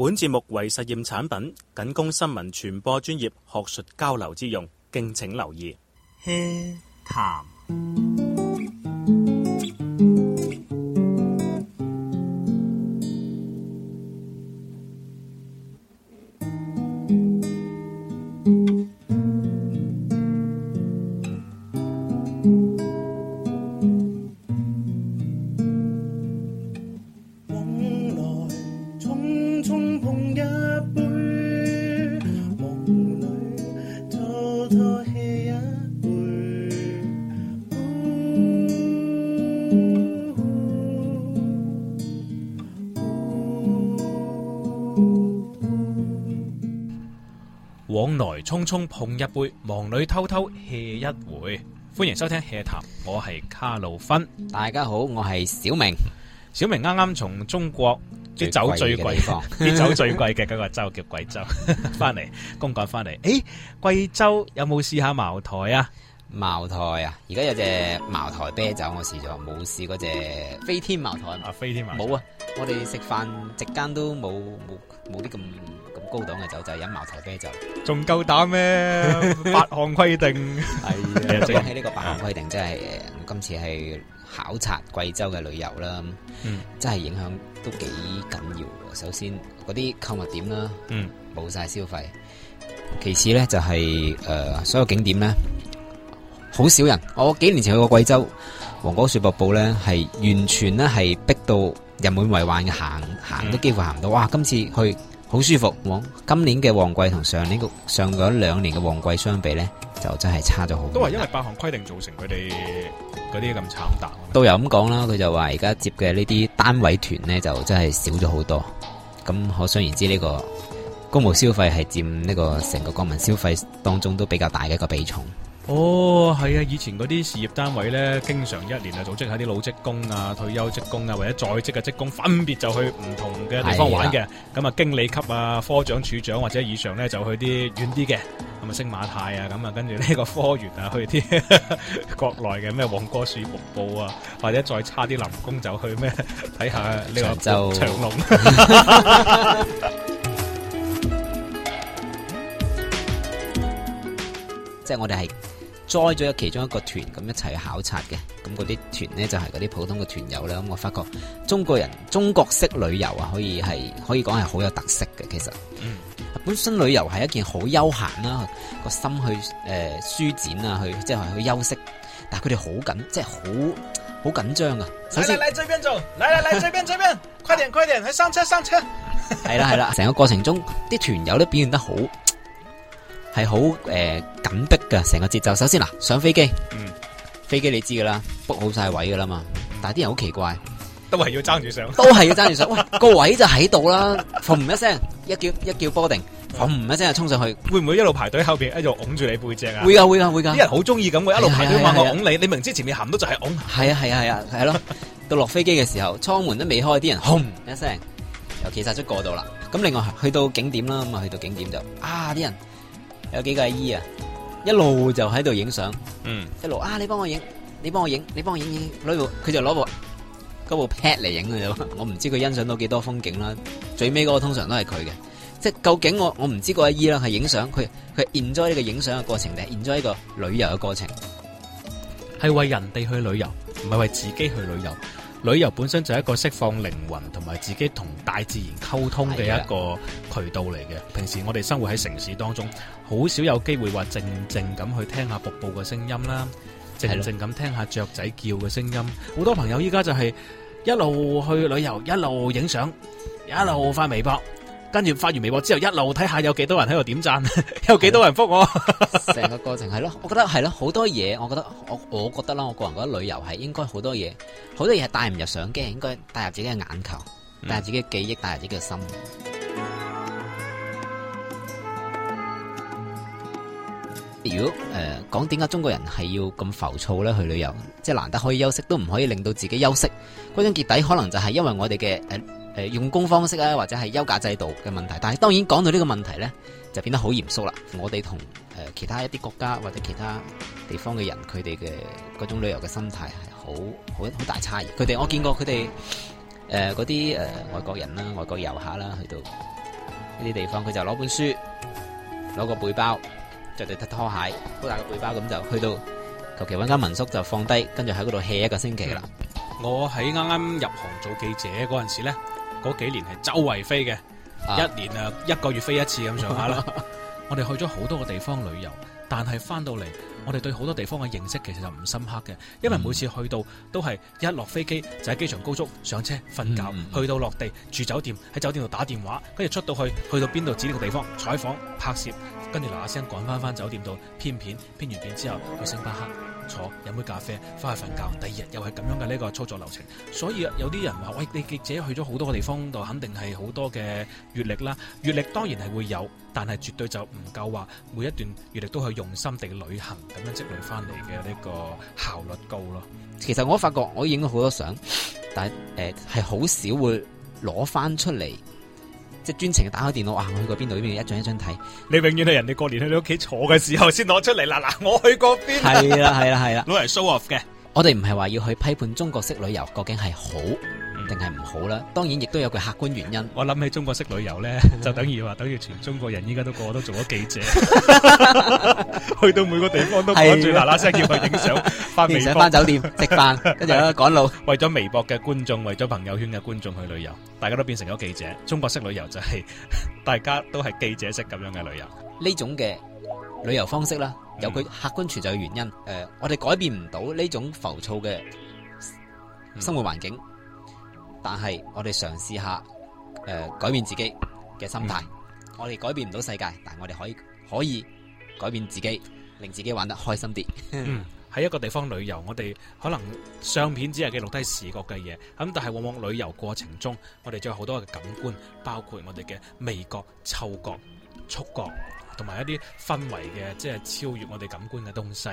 本節目為實驗產品，僅供新聞傳播專業學術交流之用，敬請留意。HEA 談來匆匆碰一杯，忙裏偷偷歇一回。歡迎收聽《HEA 談》，我係卡路芬，大家好，我係小明。小明啱啱從中國啲酒最貴嘅，啲 酒最貴嘅嗰個州叫貴州翻嚟， 公幹翻嚟。誒，貴州有冇試下茅台啊？茅台啊？而家有隻茅台啤酒我試了，我試咗，冇試嗰隻飛天茅台啊？飛天茅台冇啊！我哋食飯席間都冇冇冇啲咁。沒沒沒。高檔嘅酒就係飲茅台啤酒，仲夠膽咩？ 八項規定，係正喺呢個八項規定，真係誒，今次係考察貴州嘅旅遊啦，嗯，真係影響都幾緊要。首先嗰啲購物點啦，嗯，冇晒消費。其次咧就係、是、誒、呃，所有景點咧，好少人。我幾年前去過貴州黃果樹瀑布咧，係完全咧係逼到人滿為患嘅，行行都幾乎行唔到。嗯、哇，今次去。好舒服，今年嘅旺季同上年、個上咗兩年嘅旺季相比呢，就真係差咗好多。都係因為八項規定造成佢哋嗰啲咁慘淡。都有咁講啦，佢就話而家接嘅呢啲單位團呢，就真係少咗好多。咁可想而知，呢個公務消費係佔呢個成個國民消費當中都比較大嘅一個比重。哦，係啊！以前嗰啲事業單位咧，經常一年啊組織下啲老職工啊、退休職工啊，或者在職嘅職工分別就去唔同嘅地方玩嘅。咁啊的，經理級啊、科長、處長或者以上咧，就去啲遠啲嘅。咁啊，星馬泰啊，咁啊，跟住呢個科員啊，去啲國內嘅咩黃果樹瀑布啊，或者再差啲臨工就去咩睇下呢個長龍長隆。即係我哋係。栽咗其中一個團，咁一齊去考察嘅。咁嗰啲團呢，就係嗰啲普通嘅團友啦。咁我發覺中國人中國式旅遊啊，可以係可以講係好有特色嘅。其實，嗯、本身旅遊係一件好悠閒啦、啊，個心去誒、呃、舒展啊，去即係去休息。但係佢哋好緊，即係好好緊張噶。啊、來來來，這邊走，來來來，這邊這邊， 快點快點，去上車上車。係啦係啦，成 個過程中啲團友都表現得好。係好誒，緊迫噶成個節奏。首先嗱，上飛機，飛機你知噶啦，book 好晒位噶啦嘛。但係啲人好奇怪，都係要爭住上，都係要爭住上。喂，個位就喺度啦，嘭一聲，一叫一叫 boarding，嘭一聲就衝上去。會唔會一路排隊後邊，一路拱住你背脊啊？會噶會噶會噶，啲人好中意咁，我一路排隊問我拱你，你明知前面行到就係拱。係啊係啊係啊，係咯。到落飛機嘅時候，艙門都未開，啲人轟一聲就企晒出過度啦。咁另外去到景點啦，咁啊去到景點就啊啲人。有幾個阿姨啊，一路就喺度影相，嗯，一路啊，你幫我影，你幫我影，你幫我影影，攞佢就攞部嗰部 pad 嚟影嘅啫，我唔知佢欣賞到幾多風景啦。最尾嗰個通常都係佢嘅，即係究竟我我唔知個阿姨啦，係影相，佢佢 enjoy 呢個影相嘅過程定係 enjoy 呢個旅遊嘅過程，係為人哋去旅遊，唔係為自己去旅遊。旅遊本身就係一個釋放靈魂同埋自己同大自然溝通嘅一個渠道嚟嘅。平時我哋生活喺城市當中，好少有機會話靜靜咁去聽下瀑布嘅聲音啦，靜靜咁聽下雀仔叫嘅聲音。好多朋友依家就係一路去旅遊，一路影相，一路發微博。跟住發完微博之後，一路睇下有幾多人喺度點讚，有幾多人覆我。成個過程係咯，我覺得係咯，好多嘢，我覺得我我覺得啦，我個人覺得旅遊係應該好多嘢，好多嘢係帶唔入相機，應該帶入自己嘅眼球，帶入自己嘅記憶，帶入自己嘅心。嗯、如果誒講點解中國人係要咁浮躁呢？去旅遊，即係難得可以休息都唔可以令到自己休息，歸根結底可能就係因為我哋嘅誒。呃誒，用工方式啦，啊，或者係休假制度嘅問題，但係當然講到呢個問題咧，就變得好嚴肅啦。我哋同誒其他一啲國家或者其他地方嘅人，佢哋嘅嗰種旅遊嘅心態係好好好大差異。佢哋我見過佢哋誒嗰啲誒外國人啦，外國遊客啦，去到呢啲地方，佢就攞本書，攞個背包，着對對拖鞋，好大個背包，咁就去到求其搵間民宿就放低，跟住喺嗰度 hea 一個星期。我喺啱啱入行做記者嗰陣時咧。嗰幾年係周圍飛嘅，啊、一年啊一個月飛一次咁上下啦。 我哋去咗好多個地方旅遊，但係翻到嚟，我哋對好多地方嘅認識其實就唔深刻嘅，因為每次去到都係一落飛機就喺機場高速上車瞓覺，嗯嗯，去到落地住酒店，喺酒店度打電話，跟住出到去，去到邊度指呢個地方採訪拍攝，跟住嗱嗱聲趕翻翻酒店度編片，編完片之後去星巴克。坐飲杯咖啡，翻去瞓覺。第二日又係咁樣嘅呢個操作流程，所以有啲人話，喂，你記者去咗好多個地方度，肯定係好多嘅閱歷啦。閱歷當然係會有，但係絕對就唔夠話每一段閱歷都去用心地旅行，咁樣積累翻嚟嘅呢個效率高咯。其實我發覺，我影咗好多相，但係，誒係好少會攞翻出嚟。即係專程打開電腦，啊，我去過邊度邊度，一張一張睇。你永遠係人哋過年去你屋企坐嘅時候先攞出嚟啦，嗱，我去過邊。係啦，係啦，係啦，攞嚟 show off 嘅。我哋唔係話要去批判中國式旅遊，究竟係好。定係唔好啦，當然亦都有個客觀原因。我諗起中國式旅遊咧，就等於話等於全中國人依家都個個都做咗記者，去到每個地方都趕住嗱嗱聲叫去影相，發微博，翻酒店食飯，跟住咧趕路。為咗微博嘅觀眾，為咗朋友圈嘅觀眾去旅遊，大家都變成咗記者。中國式旅遊就係大家都係記者式咁樣嘅旅遊。呢種嘅旅遊方式啦，有佢客觀存在嘅原因。誒，我哋改變唔到呢種浮躁嘅生活環境。但係我哋嘗試下，誒、呃、改變自己嘅心態。嗯、我哋改變唔到世界，但係我哋可以可以改變自己，令自己玩得開心啲。喺、 嗯、一個地方旅遊，我哋可能相片只係記錄低視覺嘅嘢，咁但係往往旅遊過程中，我哋仲有好多嘅感官，包括我哋嘅味覺、嗅覺、觸覺，同埋一啲氛圍嘅，即係超越我哋感官嘅東西，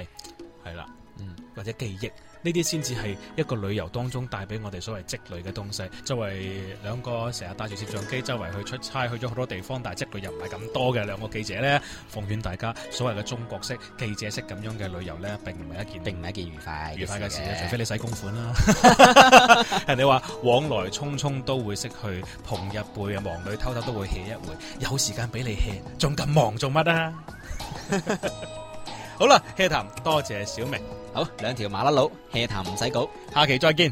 係啦。嗯，或者記憶呢啲先至係一個旅遊當中帶俾我哋所謂積累嘅東西。作為兩個成日帶住攝像機周圍去出差去咗好多地方，但係積累又唔係咁多嘅兩個記者咧，奉勸大家所謂嘅中國式記者式咁樣嘅旅遊咧，並唔係一件，並唔係一件愉快愉快嘅事，除非你使公款啦。 人哋話往來匆匆都會識去，逢日背啊忙裏偷偷都會歇一回，有時間俾你歇，仲咁忙做乜啊？ 好啦，HEA 談，多謝小明。好，兩條馬甩佬 hea 談唔使稿，下期再見。